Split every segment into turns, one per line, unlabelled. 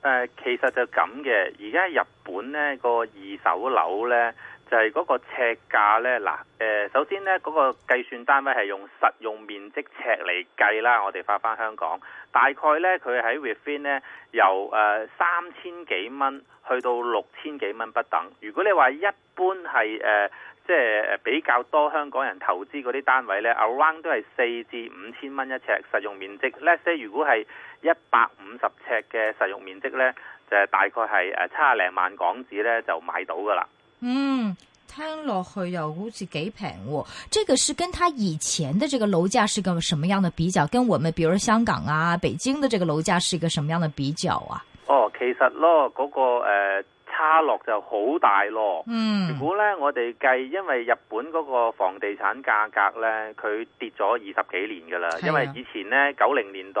誒、呃、其實就咁嘅，而家日本咧、嗰個二手樓咧就係、是、嗰個尺價咧，嗱首先咧，嗰、嗰個計算單位係用實用面積尺嚟計啦，我哋返翻香港大概咧，佢喺 refin 咧由、呃、三千幾蚊去到六千幾蚊不等。如果你話一般係誒。呃即係比較多香港人投資嗰啲單位呢 around 都係四至五千蚊一尺實用面積，Let's say，如果係一百五十尺嘅實用面積呢，就大概係誒七廿零萬港紙呢就買到噶啦。嗯，
聽落去又好似幾平喎。這個是跟他以前的這個樓價是一個什麼樣的比較？跟我們，比如香港啊、北京的這個樓價是一個什麼樣的比較啊？
哦，其實咯，嗰、那個、呃差落就好大咯，嗯，如果咧我哋計，因為日本嗰個房地產價格咧，佢跌咗二十幾年噶啦，因為以前咧九零年代。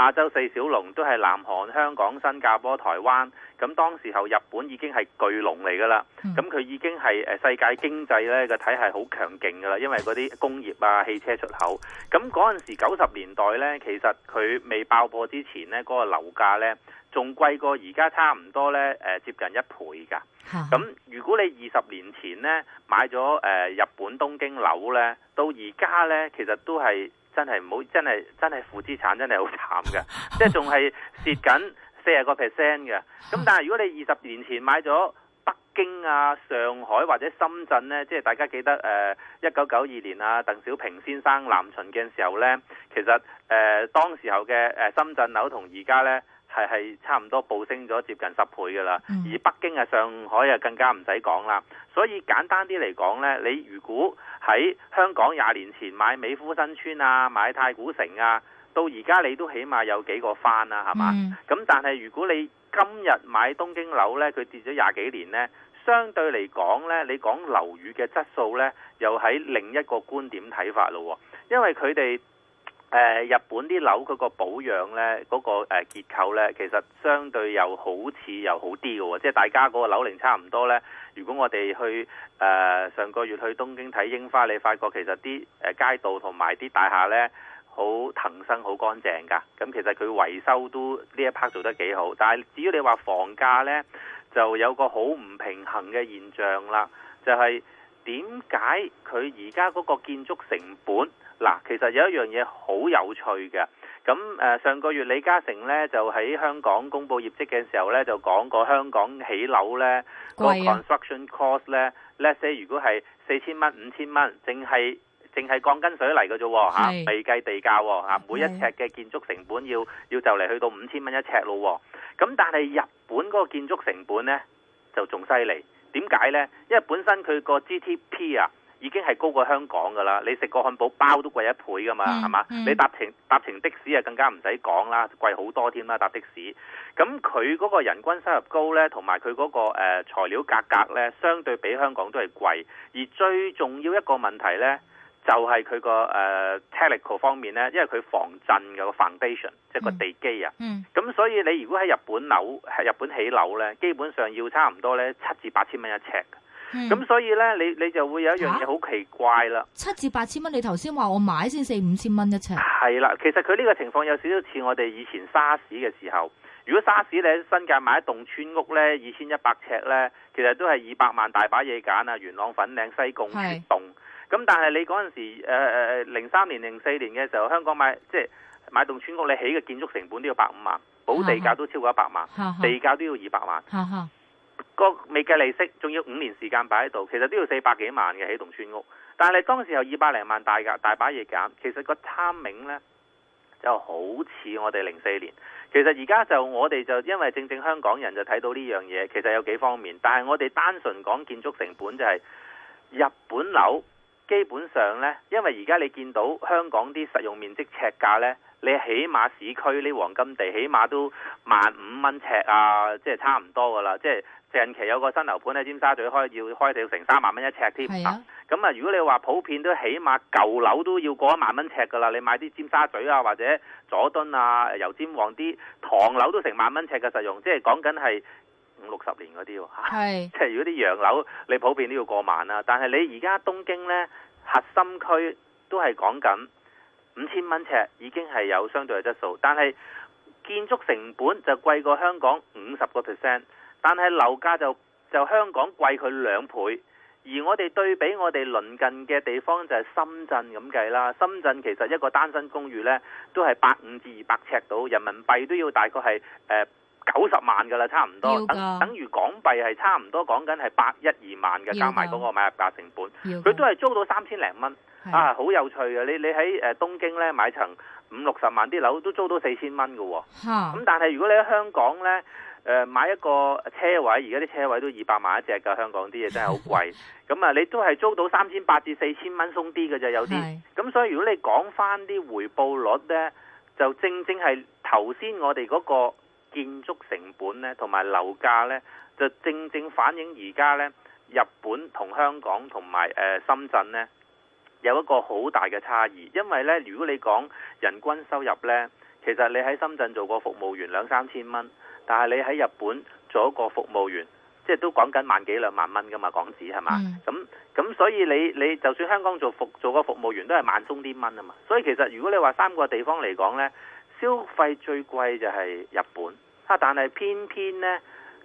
亞洲四小龍都係南韓、香港、新加坡、台灣，咁當時候日本已經係巨龍嚟㗎啦。咁佢已經係誒世界經濟咧個體系好強勁㗎啦，因為嗰啲工業啊、汽車出口。咁嗰陣時九十年代咧，其實佢未爆破之前咧，嗰、那個樓價咧仲貴過而家差唔多咧，誒接近一倍㗎。咁如果你二十年前咧買咗誒、呃、日本東京樓咧，到而家咧其實都係。真係唔好，真係真係負資產，真係好慘嘅，即係仲係蝕緊四十個 percent 嘅。咁但係如果你二十年前買咗北京啊、上海或者深圳呢，即係大家記得誒一九九二年啊，鄧小平先生南巡嘅時候呢，其實誒、呃、當時候嘅誒深圳樓同而家呢。係係差唔多暴升咗接近十倍㗎啦、嗯，而北京啊、上海啊更加唔使講啦。所以簡單啲嚟講呢，你如果喺香港廿年前買美孚新村啊、買太古城啊，到而家你都起碼有幾個翻啦、啊，係嘛？咁、嗯、但係如果你今日買東京樓呢，佢跌咗廿幾年呢，相對嚟講呢，你講樓宇嘅質素呢，又喺另一個觀點睇法咯，因為佢哋。誒日本啲樓佢個保養呢，嗰個誒結構其實相對又好似又好啲嘅喎，即係大家嗰個樓齡差唔多呢。如果我哋去誒、呃、上個月去東京睇櫻花，你發覺其實啲誒街道同埋啲大廈呢，好騰新、好乾淨㗎。咁其實佢維修都呢一 part 做得幾好，但係至於你話房價呢，就有個好唔平衡嘅現象啦。就係點解佢而家嗰個建築成本？嗱，其實有一樣嘢好有趣嘅，咁誒上個月李嘉誠咧就喺香港公布業績嘅時候咧，就講過香港起樓咧個 construction cost 咧，let's say 如果係四千蚊、五千蚊，淨係淨係鋼筋水泥嘅啫喎，未計地價喎、啊、每一尺嘅建築成本要要就嚟去到五千蚊一尺咯喎，咁但係日本嗰個建築成本咧就仲犀利。點解咧？因為本身佢個 g d p 啊。已經係高過香港㗎啦！你食個漢堡包都貴一倍㗎嘛，係嘛？Mm-hmm. 你搭乘搭乘的士啊，更加唔使講啦，貴好多添啦搭的士。咁佢嗰個人均收入高呢，同埋佢嗰個、呃、材料價格呢，相對比香港都係貴。而最重要一個問題呢，就係佢個 technical 方面呢，因為佢防震嘅 foundation，即係個地基啊。咁，Mm-hmm. 所以你如果喺日本樓喺日本起樓呢，基本上要差唔多呢七至八千蚊一尺。咁、嗯、所以呢，你你就會有一樣嘢好奇怪啦、啊。七至八
千蚊，你頭先話我買先四五千蚊一尺？
係啦，其實佢呢個情況有少少似我哋以前沙士嘅時候。如果沙士你喺新界買一棟村屋呢，二千一百尺呢，其實都係二百萬大把嘢揀啊，元朗、粉嶺、西貢一棟。咁、嗯、但係你嗰陣時誒零三年零四年嘅時候，香港買即係買棟村屋，你起嘅建築成本都要百五萬，補地價都超過一百萬，哈哈地價都要二百萬。哈哈個未計利息，仲要五年時間擺喺度，其實都要四百幾萬嘅起棟村屋。但係當時有二百零萬大㗎，大把嘢減。其實個參名呢就好似我哋零四年。其實而家就我哋就因為正正香港人就睇到呢樣嘢，其實有幾方面。但係我哋單純講建築成本就係、是、日本樓，基本上呢，因為而家你見到香港啲實用面積尺價呢，你起碼市區呢黃金地起碼都萬五蚊尺啊，即、就、係、是、差唔多㗎啦，即係。近期有個新樓盤喺尖沙咀開，要開到成三萬蚊一尺添。係啊，咁啊，啊如果你話普遍都起碼舊樓都要過一萬蚊尺噶啦，你買啲尖沙咀啊或者佐敦啊、油尖旺啲唐樓都成萬蚊尺嘅實用，即係講緊係五六十年嗰啲喎。即係如果啲洋樓，你普遍都要過萬啦。但係你而家東京呢核心區都係講緊五千蚊尺，已經係有相對嘅質素，但係建築成本就貴過香港五十個 percent。但係樓價就就香港貴佢兩倍，而我哋對比我哋鄰近嘅地方就係深圳咁計啦。深圳其實一個單身公寓呢都係百五至二百尺到，人民幣都要大概係誒九十萬㗎喇，差唔多等等於港幣係差唔多講緊係百一二萬嘅加埋嗰個買入價成本。佢都係租到三千零蚊啊！好有趣啊，你你喺誒東京呢買層五六十萬啲樓都租到四千蚊嘅喎。咁、嗯、但係如果你喺香港呢。誒、呃、買一個車位，而家啲車位都二百萬一隻㗎，香港啲嘢真係好貴。咁 啊、嗯，你都係租到三千八至四千蚊，鬆啲嘅啫。有啲咁， 所以如果你講返啲回報率呢，就正正係頭先我哋嗰個建築成本呢，同埋樓價呢，就正正反映而家呢日本同香港同埋誒深圳呢有一個好大嘅差異。因為呢，如果你講人均收入呢，其實你喺深圳做個服務員兩三千蚊。但係你喺日本做一個服務員，即係都講緊萬幾兩萬蚊㗎嘛，港紙係嘛？咁咁、mm. 所以你你就算香港做服做個服務員都係萬鬆啲蚊啊嘛。所以其實如果你話三個地方嚟講呢，消費最貴就係日本，啊！但係偏偏呢，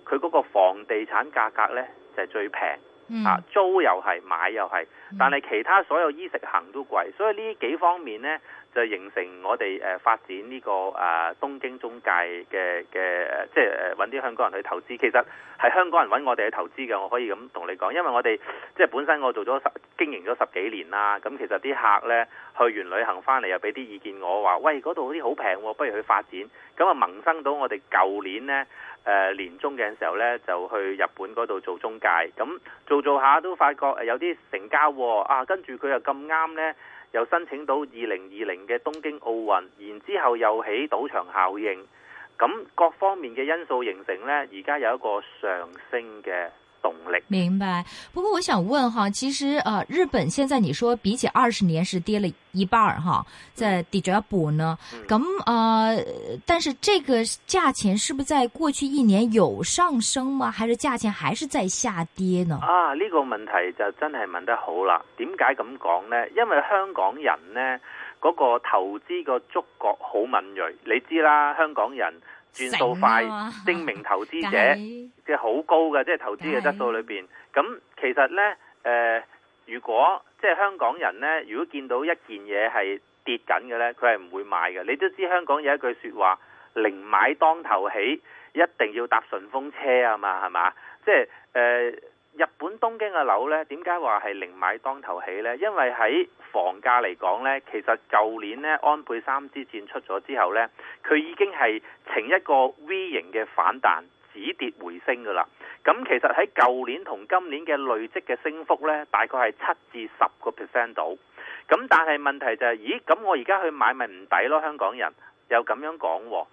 佢嗰個房地產價格呢，就係、是、最平。啊、嗯，租又係，買又係，但係其他所有衣食行都貴，所以呢幾方面呢，就形成我哋誒發展呢個誒東京中介嘅嘅即係誒揾啲香港人去投資。其實係香港人揾我哋去投資嘅，我可以咁同你講，因為我哋即係本身我做咗十經營咗十幾年啦，咁其實啲客呢，去完旅行翻嚟又俾啲意見我話，喂，嗰度啲好平喎，不如去發展，咁啊萌生到我哋舊年呢。呃、年中嘅時候呢，就去日本嗰度做中介，咁做做下都發覺有啲成交喎，哦，啊跟住佢又咁啱呢，又申請到二零二零嘅東京奧運，然之後又起賭場效應，咁各方面嘅因素形成呢，而家有一個上升嘅。動力，
明白。不過我想問哈，其實，呃，日本現在你說比起二十年是跌了一半哈，在點樣補呢？咁、嗯，呃，但是這個價錢是不是在過去一年有上升嗎？還是價錢還是在下跌呢？
啊，呢個問題就真係問得好啦。點解咁講呢？因為香港人呢，嗰個投資個觸覺好敏銳，你知啦，香港人。轉數快，啊，證明投資者即係好高嘅，即係投資嘅質素裏邊。咁其實呢，誒、呃，如果即係香港人呢，如果見到一件嘢係跌緊嘅呢，佢係唔會買嘅。你都知香港有一句説話，零買當頭起，一定要搭順風車啊嘛，係嘛？即係日本東京嘅樓呢，點解話係零買當頭起呢？因為喺房價嚟講呢，其實舊年呢，安倍三支箭出咗之後呢，佢已經係呈一個 V 型嘅反彈，止跌回升噶啦。咁其實喺舊年同今年嘅累積嘅升幅呢，大概係七至十個 percent 度。咁但係問題就係、是，咦？咁我而家去買咪唔抵咯？香港人又咁樣講喎。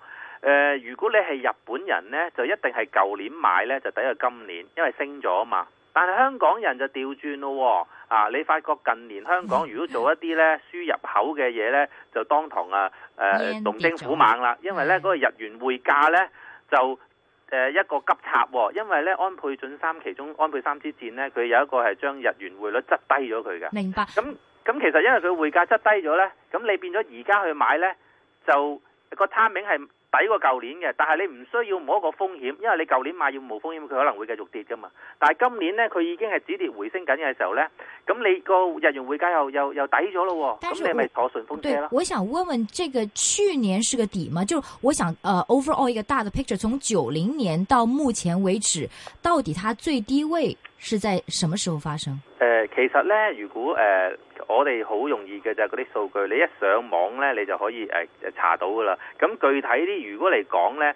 誒、呃，如果你係日本人呢，就一定係舊年買呢，就抵過今年，因為升咗啊嘛。但係香港人就調轉咯喎，哦，啊，你發覺近年香港如果做一啲呢輸入口嘅嘢呢，就當堂啊誒龍精虎猛啦，因為呢嗰，那個日元匯價呢，就誒、呃、一個急插，哦，因為呢安倍晉三其中安倍三支戰呢，佢有一個係將日元匯率質低咗佢嘅。明白。咁，咁其實因為佢匯價質低咗呢，咁你變咗而家去買呢，就個 timing 係抵過舊年嘅，但係你唔需要冇一個風險，因為你舊年買要冇風險，佢可能會繼續跌嘅嘛。但係今年呢，佢已經係止跌回升緊嘅時候呢，咁你那個日元匯價又又又抵咗咯喎，咁、嗯、你咪坐順風車咯。我
想問問，這個去年是個底嘛？就我想、呃、，o v e r a l l 一個大的 picture，從九零年到目前為止，到底它最低位是在什麼時候發生？
呃、其實咧，如果、呃、我哋好容易嘅就係嗰啲數據，你一上網咧，你就可以、呃、查到噶啦。咁具體啲，如果嚟講咧，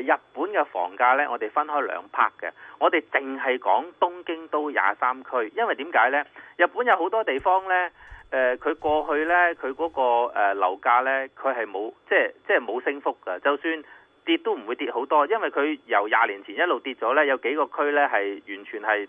日本嘅房價咧，我哋分開兩 part 嘅。我哋淨係講東京都廿三區，因為點解咧？日本有好多地方咧，佢、呃、過去咧，佢嗰個樓價咧，佢係冇即係即係冇升幅㗎。就算跌都唔會跌好多，因為佢由廿年前一路跌咗咧，有幾個區咧係完全係。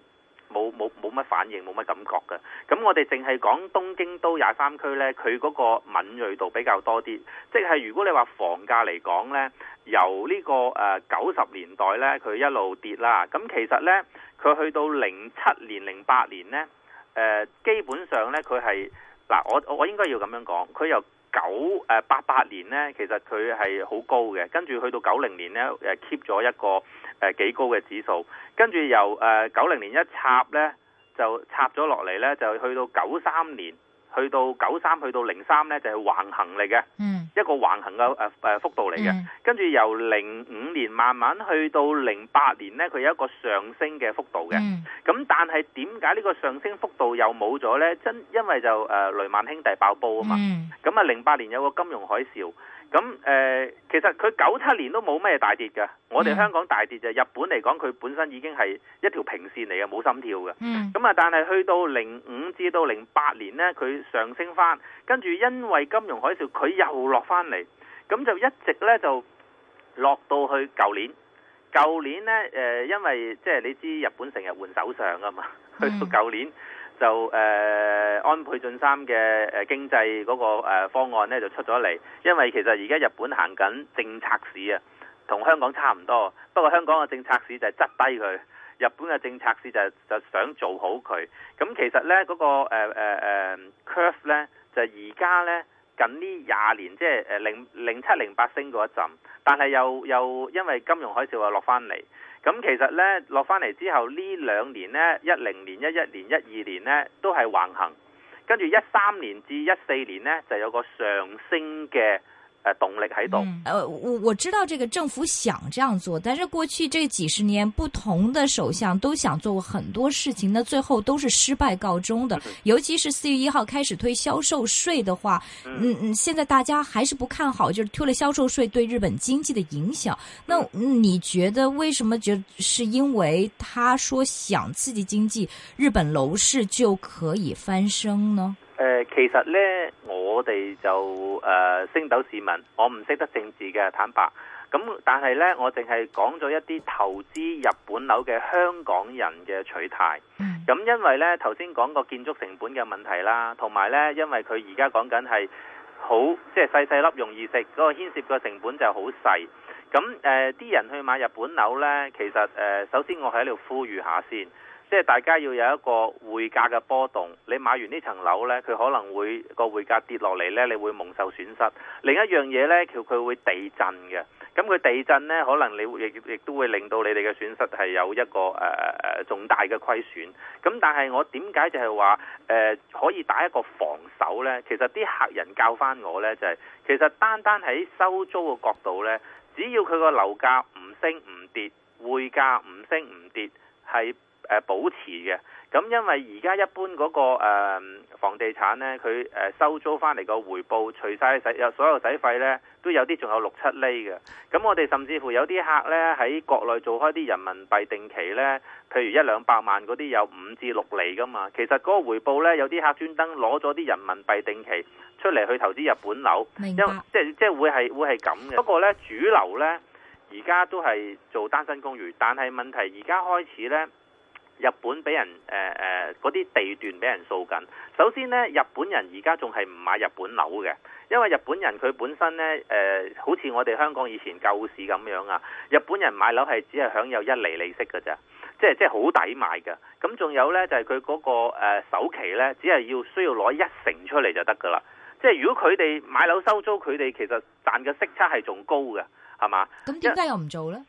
冇冇冇乜反應，冇乜感覺嘅。咁我哋淨係講東京都廿三區呢，佢嗰個敏鋭度比較多啲。即係如果你話房價嚟講呢，由呢個誒九十年代呢，佢一路跌啦。咁其實呢，佢去到零七年、零八年呢，呃，基本上呢，佢係嗱我我應該要咁樣講，佢又。九誒八八年咧，其實佢係好高嘅，跟住去到九零年咧，誒 keep 咗一個誒幾高嘅指數。跟住由誒九零年一插咧，就插咗落嚟咧，就去到九三年。去到九三，去到零三咧，就係、是、橫行嚟嘅、嗯，一個橫行嘅、啊啊、幅度嚟嘅。跟、嗯、住由零五年慢慢去到零八年咧，佢有一個上升嘅幅度嘅。咁、嗯、但係點解呢個上升幅度又冇咗咧？真因為就、呃、雷曼兄弟爆煲啊嘛。咁、嗯、啊，零八年有個金融海嘯。咁誒、呃，其實佢九七年都冇咩大跌嘅，我哋香港大跌，就日本嚟講，佢本身已經係一條平線嚟嘅，冇心跳嘅。咁、嗯、啊，但係去到零五至到零八年呢，佢上升翻，跟住因為金融海嘯，佢又落翻嚟，咁就一直呢，就落到去舊年。舊年呢，誒、呃，因為即係你知日本成日換首相噶嘛，去到舊年。嗯就誒、呃、安倍晉三嘅誒、呃、經濟嗰、那個、呃、方案咧就出咗嚟，因為其實而家日本行緊政策市啊，同香港差唔多，不過香港嘅政策市就係執低佢，日本嘅政策市就就想做好佢。咁其實咧嗰、那個誒誒、呃呃、curve 咧就而家咧近呢廿年即係誒零零七零八升過一陣，但係又又因為金融海嘯又落翻嚟。咁其實咧落翻嚟之後，呢兩年咧，一零年、一一年、一二年咧，都係橫行，跟住一三年至一四年咧，就有個上升嘅。呃、啊，動力
喺度、嗯。呃，我我知道這個政府想這樣做，但是過去這幾十年不同的首相都想做很多事情，那最後都是失敗告終的。尤其是四月一號開始推銷售稅的話，嗯嗯，現在大家還是不看好，就是推了銷售稅對日本經濟的影響。那你覺得為什麼？就是因為他說想刺激經濟，日本樓市就可以翻身呢？呃，
其實呢。我哋就誒、呃、升斗市民，我唔識得政治嘅坦白，咁但係呢，我淨係講咗一啲投資日本樓嘅香港人嘅取態。咁因為呢，頭先講個建築成本嘅問題啦，同埋呢，因為佢而家講緊係好即係細細粒容易食，嗰、那個牽涉個成本就好細。咁誒啲人去買日本樓呢，其實誒、呃、首先我喺度呼籲下先。即係大家要有一個匯價嘅波動，你買完呢層樓呢，佢可能會個匯價跌落嚟呢，你會蒙受損失。另一樣嘢呢，叫佢會地震嘅，咁佢地震呢，可能你亦亦都會令到你哋嘅損失係有一個誒、呃、重大嘅虧損。咁但係我點解就係話誒可以打一個防守呢？其實啲客人教翻我呢，就係、是，其實單單喺收租嘅角度呢，只要佢個樓價唔升唔跌，匯價唔升唔跌，係。保持嘅咁，因為而家一般嗰個誒房地產呢，佢誒收租翻嚟個回報，除晒使所有使費呢，都有啲仲有六七厘嘅。咁我哋甚至乎有啲客呢，喺國內做開啲人民幣定期呢，譬如一兩百萬嗰啲有五至六厘噶嘛。其實嗰個回報呢，有啲客專登攞咗啲人民幣定期出嚟去投資日本樓，因為即係即係會係會係咁嘅。不過呢，主流呢，而家都係做單身公寓，但係問題而家開始呢。日本俾人誒誒嗰啲地段俾人掃緊。首先呢，日本人而家仲係唔買日本樓嘅，因為日本人佢本身呢，誒、呃，好似我哋香港以前舊市咁樣啊。日本人買樓係只係享有一厘利息㗎咋，即係即係好抵買㗎。咁仲有呢，就係佢嗰個、呃、首期呢，只係要需要攞一成出嚟就得㗎啦。即係如果佢哋買樓收租，佢哋其實賺嘅息差係仲高嘅，係嘛？
咁點解又唔做呢？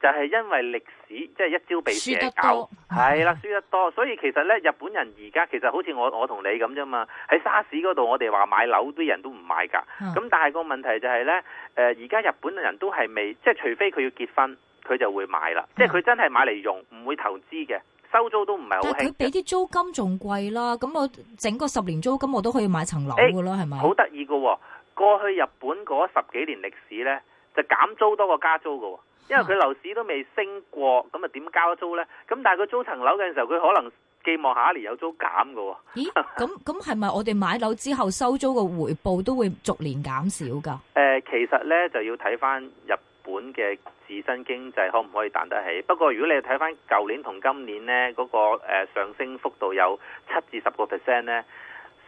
就係、是、因為歷史，即係一朝被蛇咬，係啦，輸得多，所以其實咧，日本人而家其實好似我我同你咁啫嘛。喺沙士嗰度，我哋話買樓啲人都唔買㗎。咁但係個問題就係、是、咧，而、呃、家日本人都係未，即係除非佢要結婚，佢就會買啦。即係佢真係買嚟用，唔會投資嘅，收租都唔係好興。但佢
俾啲租金仲貴啦。咁我整個十年租金，咁我都可以買層樓㗎咯，係、
欸、咪？好得意㗎喎！過去日本嗰十幾年歷史咧，就減租多過加租喎。因為佢樓市都未升過，咁啊點交租呢？咁但係佢租層樓嘅時候，佢可能寄望下一年有租減噶、
哦。咦？咁咁係咪我哋買樓之後收租嘅回報都會逐年減少噶、
呃？其實呢，就要睇翻日本嘅自身經濟可唔可以彈得起。不過如果你睇翻舊年同今年呢，嗰、嗰個誒、呃、上升幅度有七至十個 percent 呢。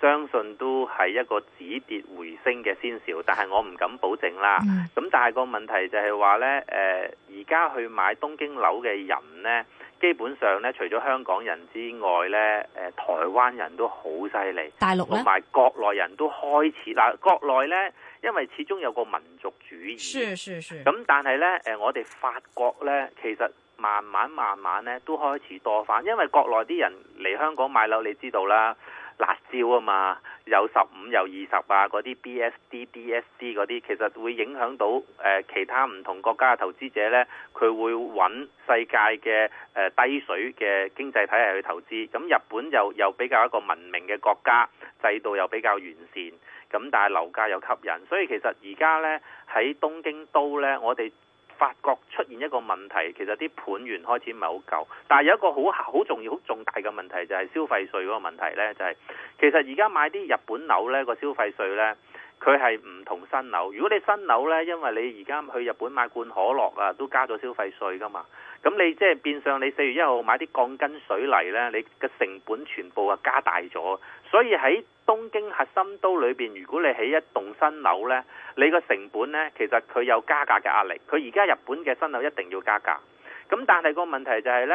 相信都係一個止跌回升嘅先兆，但係我唔敢保證啦。咁、嗯、但係個問題就係話呢，誒而家去買東京樓嘅人呢，基本上呢，除咗香港人之外呢，誒台灣人都好犀利，大陸同埋國內人都開始嗱、呃，國內呢，因為始終有個民族主義，咁但係呢，誒、呃、我哋法國呢，其實慢慢慢慢呢都開始多返，因為國內啲人嚟香港買樓，你知道啦。辣椒啊嘛，有十五有二十啊，嗰啲 B S D D S D 嗰啲，其實會影響到誒、呃、其他唔同國家嘅投資者呢，佢會揾世界嘅誒、呃、低水嘅經濟體系去投資。咁日本又又比較一個文明嘅國家，制度又比較完善，咁但係樓價又吸引，所以其實而家呢，喺東京都呢，我哋。發覺出現一個問題，其實啲盤源開始唔係好夠。但係有一個好好重要、好重大嘅問題，就係、是、消費稅嗰個問題咧，就係、是、其實而家買啲日本樓咧個消費稅咧。佢係唔同新樓，如果你新樓呢，因為你而家去日本買罐可樂啊，都加咗消費稅㗎嘛，咁你即係變相你四月一號買啲鋼筋水泥呢，你嘅成本全部啊加大咗，所以喺東京核心都裏面，如果你起一棟新樓呢，你個成本呢，其實佢有加價嘅壓力，佢而家日本嘅新樓一定要加價，咁但係個問題就係呢，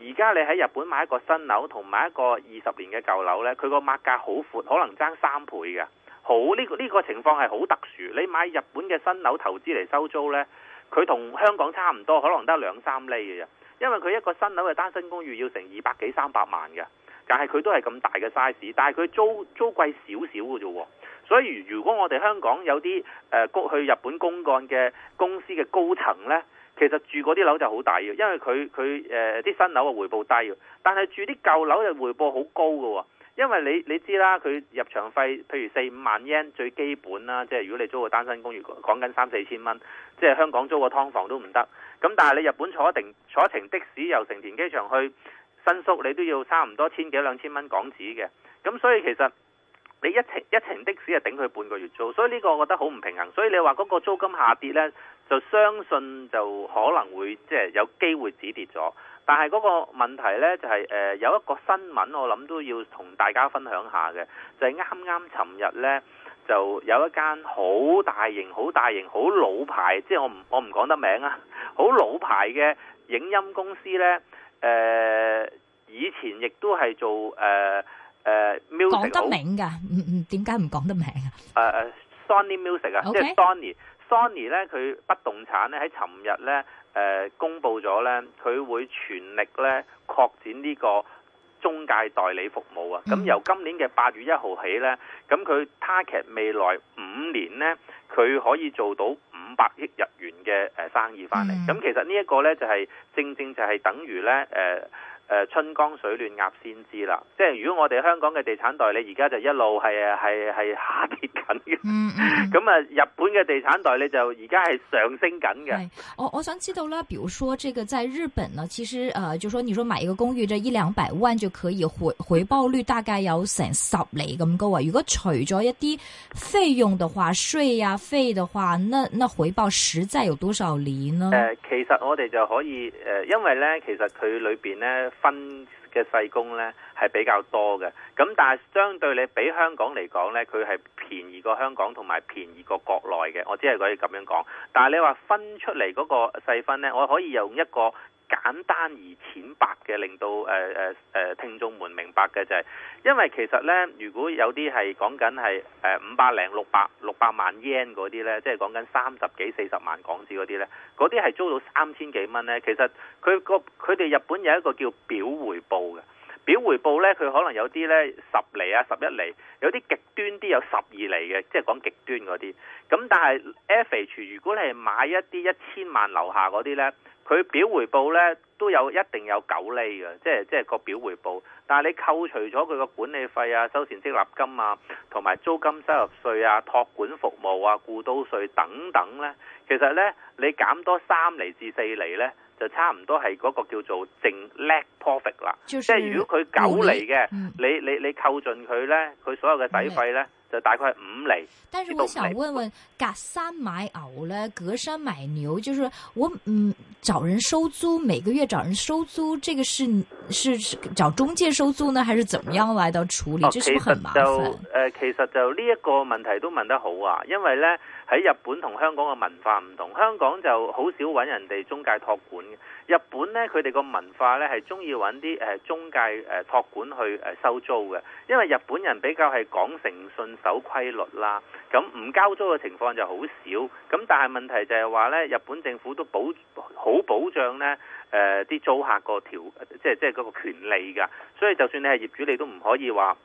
而家你喺日本買一個新樓同埋一個二十年嘅舊樓呢，佢個賣價好闊，可能爭三倍嘅。好，呢個呢個情況係好特殊，你買日本嘅新樓投資嚟收租呢，佢同香港差唔多，可能得兩三厘嘅啫。因為佢一個新樓嘅單身公寓要成二百幾三百萬嘅，但係佢都係咁大嘅 size，但係佢租租貴少少嘅啫。所以如果我哋香港有啲、呃、去日本公幹嘅公司嘅高層呢，其實住嗰啲樓就好大嘅，因為佢佢啲新樓嘅回報低，但係住啲舊樓嘅回報好高嘅。因為你你知啦，佢入場費，譬如四五萬日圓最基本啦，即係如果你租個單身公寓，講緊三四千蚊，即係香港租個劏房都唔得。咁但係你日本坐一程坐一程的士由成田機場去新宿，你都要差唔多千幾兩千蚊港紙嘅。咁所以其實你一程一程的士係頂佢半個月租，所以呢個我覺得好唔平衡。所以你話嗰個租金下跌呢，就相信就可能會即係、就是、有機會止跌咗。但係嗰個問題咧，就係、是、誒、呃、有一個新聞，我諗都要同大家分享下嘅，就係啱啱尋日咧，就有一間好大型、好大型、好老牌，即係我唔我唔講得名啊，好老牌嘅影音公司咧，誒、呃、以前亦都係做誒誒、呃呃、music。講得名
㗎，嗯、哦、嗯，點解唔講得名啊？
誒、呃、Sony Music 啊、okay？即係 Sony，Sony 咧佢不動產咧喺尋日咧。誒、呃、公佈咗咧，佢會全力咧擴展呢個中介代理服務啊！咁由今年嘅八月一號起咧，咁佢 target 未來五年咧，佢可以做到五百億日元嘅生意翻嚟。咁其實呢一個咧就係、是、正正就係等於咧誒。呃誒，春江水暖鴨先知啦，即係如果我哋香港嘅地產代理而家就一路係係係下跌緊嘅，咁、嗯、啊、嗯、日本嘅地產代理就而家係上升緊嘅。
我我想知道啦，比如說，這個在日本呢，其實誒、呃，就說，你說買一個公寓，這一兩百萬就可以回回報率大概有成十厘咁高啊。如果除咗一啲費用嘅話，稅啊費嘅話，那那回報實在有多少釐呢？呃呃，
其實我哋就可以誒，因為咧，其實佢裏邊咧。分嘅細工咧係比較多嘅，咁但係相對你比香港嚟講咧，佢係便宜過香港同埋便宜過國內嘅，我只係可以咁樣講。但係你話分出嚟嗰個細分咧，我可以用一個。簡單而淺白嘅，令到誒誒誒聽眾們明白嘅就係，因為其實咧，如果有啲係講緊係誒五百零六百六百萬 yen 嗰啲咧，即係講緊三十幾四十萬港紙嗰啲咧，嗰啲係租到三千幾蚊咧。其實佢個佢哋日本有一個叫表回報嘅，表回報咧，佢可能有啲咧十厘啊十一厘，有啲極端啲有十二厘嘅，即係講極端嗰啲。咁但係 fh，如果你係買一啲一千萬樓下嗰啲咧。佢表回報呢都有一定有九厘嘅，即係即係個表回報。但係你扣除咗佢個管理費啊、修繕積立金啊、同埋租金收入稅啊、託管服務啊、固都稅等等呢，其實呢，你減多三厘至四厘呢。就差唔多係嗰個叫做淨 net profit 啦，就是，即係如果佢九釐嘅，你你你扣盡佢咧，佢所有嘅底費咧，就大概五釐。
但是我想問問，隔山買牛咧，隔山買牛，就是我嗯找人收租，每個月找人收租，這個是是找中介收租呢，還是怎麼樣來到處理？其實就
誒，其實就呢一、呃、個問題都問得好啊，因為咧。喺日本同香港嘅文化唔同，香港就好少揾人哋中介託管嘅。日本呢，佢哋個文化呢，係中意揾啲誒中介誒託管去誒收租嘅，因為日本人比較係講誠信、守規律啦。咁唔交租嘅情況就好少。咁但係問題就係話呢，日本政府都保好保障呢誒啲，呃，租客個條，即係即係嗰個權利噶，所以就算你係業主，你都唔可以話。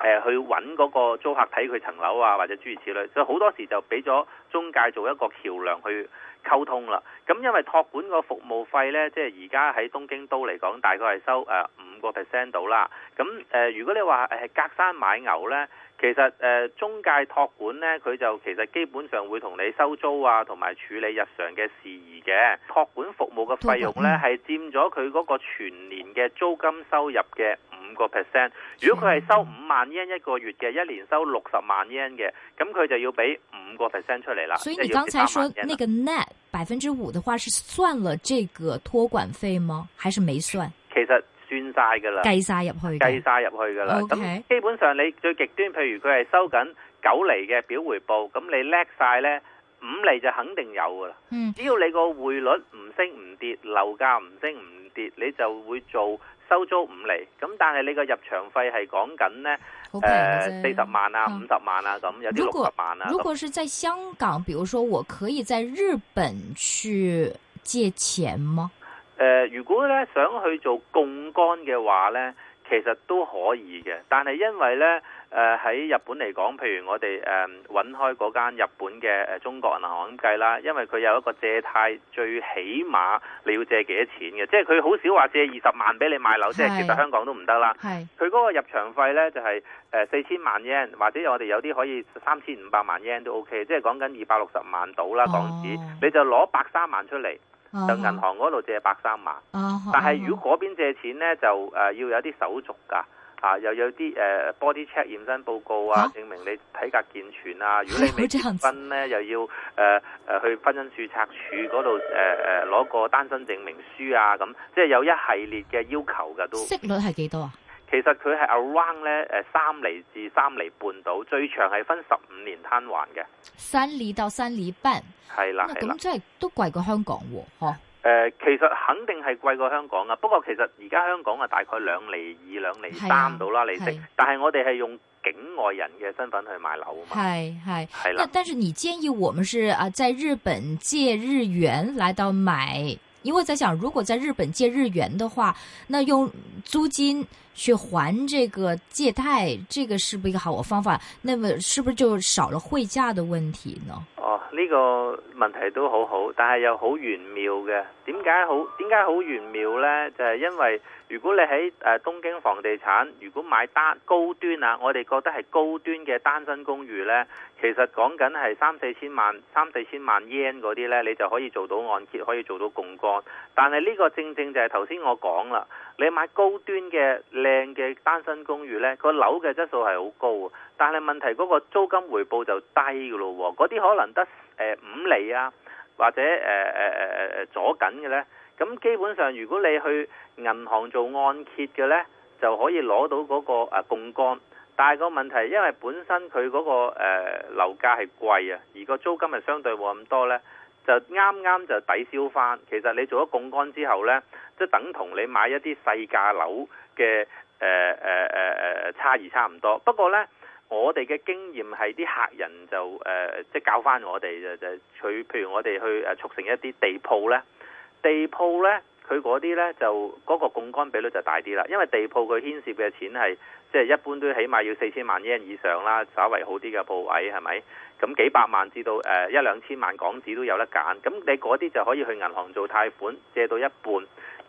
誒去揾嗰個租客睇佢層樓啊，或者諸如此類，所以好多時就俾咗中介做一個橋梁去溝通啦。咁因為託管個服務費呢，即係而家喺東京都嚟講，大概係收誒五個 percent 到啦。咁誒，如果你話誒隔山買牛呢，其實誒中介託管呢，佢就其實基本上會同你收租啊，同埋處理日常嘅事宜嘅。託管服務嘅費用呢，係佔咗佢嗰個全年嘅租金收入嘅個 percent，如果佢係收五萬 yen 一個月嘅，一年收六十萬 yen 嘅，咁佢就要俾五個 percent 出嚟啦。所以你剛才說呢、那個
net 百分之五的話，是算了這個託管費嗎？還是沒算？
其實算晒噶啦，計晒入去，計晒入去噶啦。咁、Okay. 基本上你最極端，譬如佢係收緊九厘嘅表回報，咁你叻晒呢五厘就肯定有噶啦，嗯。只要你個匯率唔升唔跌，樓價唔升唔跌，你就會做。收租五厘，咁但係你個入場費係講緊咧，好平啫，誒四十萬啊，啊、五十萬啊，咁有啲六十萬啊。如果如果
是在香港，比如說我可以在日本去借錢嗎？
誒、呃，如果咧想去做槓桿嘅話咧，其實都可以嘅，但係因為咧。誒、呃、喺日本嚟講，譬如我哋誒揾開嗰間日本嘅誒、呃、中國銀行咁計啦，因為佢有一個借貸，最起碼你要借幾多錢嘅，即係佢好少話借二十萬俾你買樓，即係其實香港都唔得啦。係佢嗰個入場費咧就係誒四千萬 yen 或者我哋有啲可以三千五百萬 yen 都 OK，即係講緊二百六十萬到啦港紙、哦，你就攞百三萬出嚟、哦，就銀行嗰度借百三萬。哦、但係如果嗰邊借錢咧就誒、呃、要有啲手續㗎。啊，又有啲誒、呃、body check 驗身報告啊，啊，證明你體格健全啊。如果你未婚咧， 又要誒誒、呃呃、去婚姻註冊處嗰度誒誒攞個單身證明書啊，咁即係有一系列嘅要求嘅都。息率係幾多啊？其實佢係 around 咧誒三厘至三厘半度，最長係分十五年攤還嘅。
三釐到三釐半。
係啦，係啦。咁
即係都貴過香港喎、啊，啊
呃、其實肯定係貴過香港啊。不過其實而家香港2厘 2, 2厘 3, 啊，大概兩厘、二、兩厘，三到啦，利息。但係我哋係用境外人嘅身份去買樓嘛。係
係。係啦。但係，但是你建議我們是啊，在日本借日元嚟到買。因為在想，如果在日本借日元的話，那用租金去還這個借貸，這個是不是一個好方法？那麼是不是就少了匯價的問題呢？
哦，呢、這個問題都好好，但係又好玄妙嘅。點解好？點解好玄妙咧？就係、是、因為。如果你喺誒東京房地產，如果買單高端啊，我哋覺得係高端嘅單身公寓呢，其實講緊係三四千萬、三四千萬 yen 嗰啲呢，你就可以做到按揭，可以做到槓桿。但係呢個正正就係頭先我講啦，你買高端嘅靚嘅單身公寓呢，個樓嘅質素係好高，但係問題嗰個租金回報就低嘅咯喎，嗰啲可能得五厘啊，或者誒誒誒誒阻緊嘅呢。咁基本上，如果你去銀行做按揭嘅呢，就可以攞到嗰個誒槓桿。但係個問題，因為本身佢嗰、那個誒、呃、樓價係貴啊，而個租金係相對冇咁多呢，就啱啱就抵消翻。其實你做咗槓桿之後呢，即係等同你買一啲細價樓嘅誒誒誒差異差唔多。不過呢，我哋嘅經驗係啲客人就誒即係教翻我哋就就譬如我哋去誒促成一啲地鋪呢。地鋪呢，佢嗰啲呢，就嗰、嗰個槓桿比率就大啲啦，因為地鋪佢牽涉嘅錢係即係一般都起碼要四千萬日圓以上啦，稍為好啲嘅鋪位係咪？咁幾百萬至到誒一兩千萬港紙都有得揀，咁你嗰啲就可以去銀行做貸款借到一半，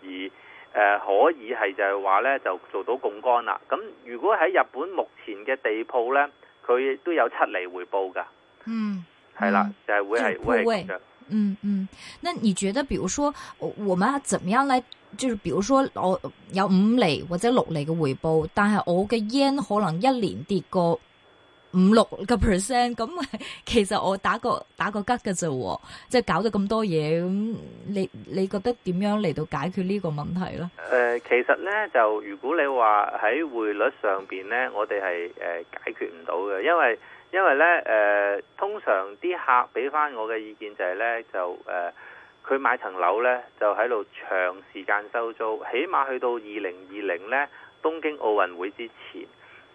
而誒、呃、可以係就係話呢，就做到槓桿啦。咁如果喺日本目前嘅地鋪呢，佢都有七厘回報㗎。嗯，係啦，嗯、就係會係會係咁
嗯嗯，那、嗯、你覺得，比如說，我我們怎麼樣嚟，就是，比如說，我有五厘或者六厘嘅回報，但係我嘅 yen 可能一年跌過五六個 percent，咁其實我打個打個吉嘅啫，即、就、係、是、搞咗咁多嘢，咁你你覺得點樣嚟到解決呢個問題咧？
誒、呃，其實咧就如果你話喺匯率上邊咧，我哋係誒解決唔到嘅，因為。因為咧，誒、呃、通常啲客俾翻我嘅意見就係、是、咧，就誒佢、呃、買層樓咧，就喺度長時間收租，起碼去到二零二零咧東京奧運會之前。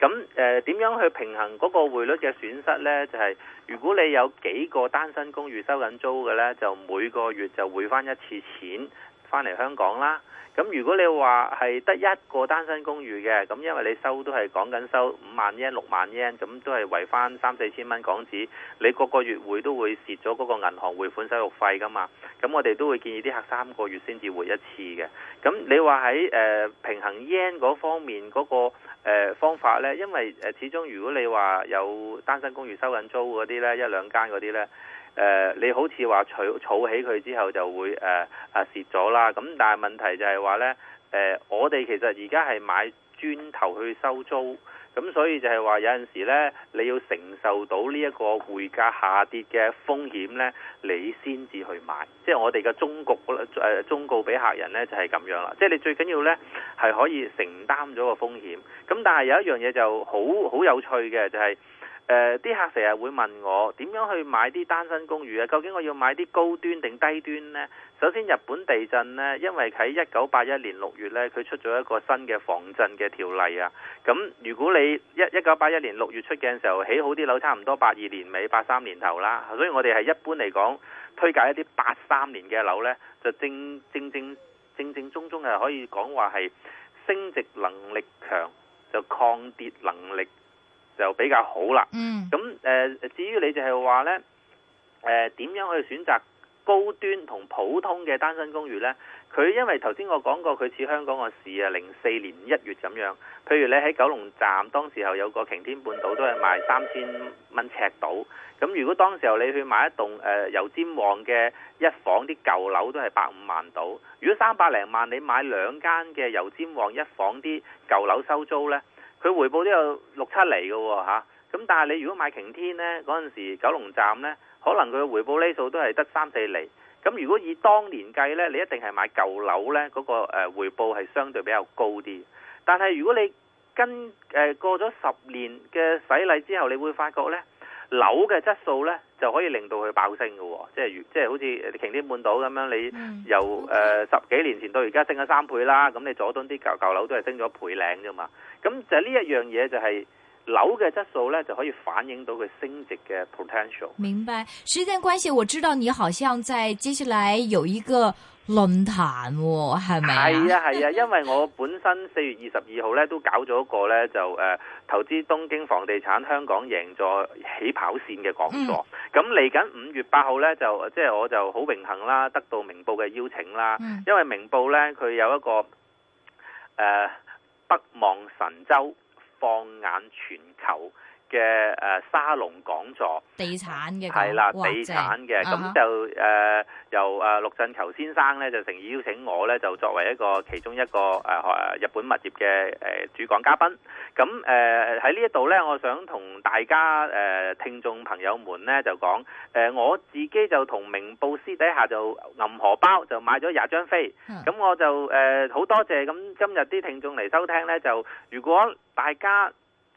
咁誒點樣去平衡嗰個匯率嘅損失咧？就係、是、如果你有幾個單身公寓收緊租嘅咧，就每個月就匯翻一次錢翻嚟香港啦。咁如果你話係得一個單身公寓嘅，咁因為你收都係講緊收五萬 yen 六萬 yen，咁都係維翻三四千蚊港紙，你個個月會都會蝕咗嗰個銀行匯款收入費噶嘛？咁我哋都會建議啲客三個月先至匯一次嘅。咁你話喺誒平衡 yen 嗰方面嗰個誒方法呢？因為誒始終如果你話有單身公寓收緊租嗰啲呢，一兩間嗰啲呢。誒、呃、你好似話儲儲起佢之後就會誒啊蝕咗啦，咁、呃、但係問題就係話咧，誒、呃、我哋其實而家係買磚頭去收租，咁所以就係話有陣時咧，你要承受到呢一個匯價下跌嘅風險咧，你先至去買，即係我哋嘅忠告誒忠告俾客人咧就係、是、咁樣啦，即係你最緊要咧係可以承擔咗個風險，咁但係有一樣嘢就好好有趣嘅就係、是。誒、呃、啲客成日會問我點樣去買啲單身公寓啊？究竟我要買啲高端定低端呢？首先日本地震呢，因為喺一九八一年六月呢，佢出咗一個新嘅防震嘅條例啊。咁如果你一一九八一年六月出鏡嘅時候起好啲樓，差唔多八二年尾、八三年頭啦。所以我哋係一般嚟講推介一啲八三年嘅樓呢，就正正正正正宗宗係可以講話係升值能力強，就抗跌能力。就比較好啦。咁誒、呃，至於你就係話呢，誒、呃、點樣去選擇高端同普通嘅單身公寓呢？佢因為頭先我講過，佢似香港個市啊，零四年一月咁樣。譬如你喺九龍站當時候有個擎天半島都係賣三千蚊尺到。咁如果當時候你去買一棟誒油、呃、尖旺嘅一房啲舊樓都係百五萬到。如果三百零萬你買兩間嘅油尖旺一房啲舊樓收租呢？佢回報都有六七厘嘅喎。咁但係你如果買擎天呢，嗰陣時九龍站呢，可能佢嘅回報呢數都係得三四厘。咁如果以當年計呢，你一定係買舊樓呢，嗰個誒回報係相對比較高啲。但係如果你跟誒、呃、過咗十年嘅洗禮之後，你會發覺呢。樓嘅質素咧，就可以令到佢爆升嘅喎、哦，即係如即係好似擎天半島咁樣，你由誒、呃、十幾年前到而家升咗三倍啦，咁你佐敦啲舊舊樓都係升咗倍零啫嘛，咁就係呢一樣嘢就係、是。樓嘅質素咧，就可以反映到佢升值嘅 potential。
明白，時間關係，我知道你好像在接下來有一個論壇、哦，係咪啊？係啊係啊，
因為我本身四月二十二號咧都搞咗一個咧就誒、呃、投資東京房地產香港贏在起跑線嘅講座。咁嚟緊五月八號咧就即係、就是、我就好榮幸啦，得到明報嘅邀請啦、嗯。因為明報咧佢有一個誒、呃、北望神州。放眼全球。嘅誒沙龍講座，
地產嘅係啦，地產嘅咁就
誒由誒陸振球先生咧就誠意邀請我咧就作為一個其中一個誒日本物業嘅誒主講嘉賓。咁誒喺呢一度咧，我想同大家誒聽眾朋友們咧就講誒我自己就同明報私底下就銀荷包就買咗廿張飛。咁我就誒好多謝咁今日啲聽眾嚟收聽咧。就如果大家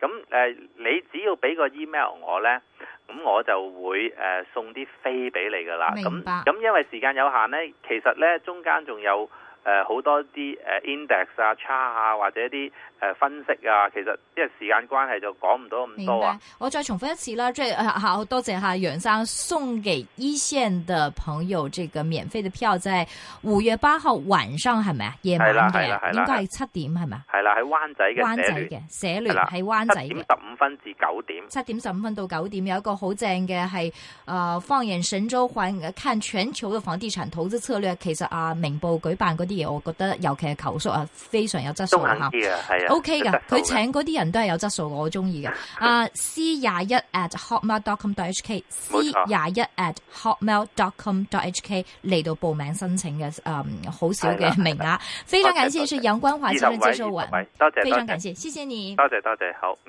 咁誒、呃，你只要俾個 email 我咧，咁我就會誒、呃、送啲飛俾你噶啦。明白。咁咁因為時間有限咧，其實咧中間仲有。誒、呃，好多啲誒 index 啊、差啊，或者啲誒、呃、分析啊，其實即係時間關係就講唔到咁多啊。
我再重複一次啦，即係、啊、好多謝吓楊生，送給一線的朋友這個免費的票，在五月八號晚上係咪啊？夜晚係應該係七點係咪？
係啦，喺灣仔嘅。灣仔嘅蛇聯喺灣仔。七點十五分至九點。
七點十五分到九點有一個好正嘅係，誒、呃，放眼神州環看全球嘅房地產投資策略，其實啊，明報舉辦嗰。啲嘢我覺得，尤其係求叔啊，非常有質素啊，OK 噶，佢請嗰啲人都係有質素，我中意嘅。啊、 uh, C 廿一 at hotmail.com.hk，C 廿一 at hotmail.com.hk 嚟到報名申請嘅，誒好少嘅名額，非常感謝，是楊官華先生接受我，非常感謝，謝，謝，謝謝你，多謝多謝，好。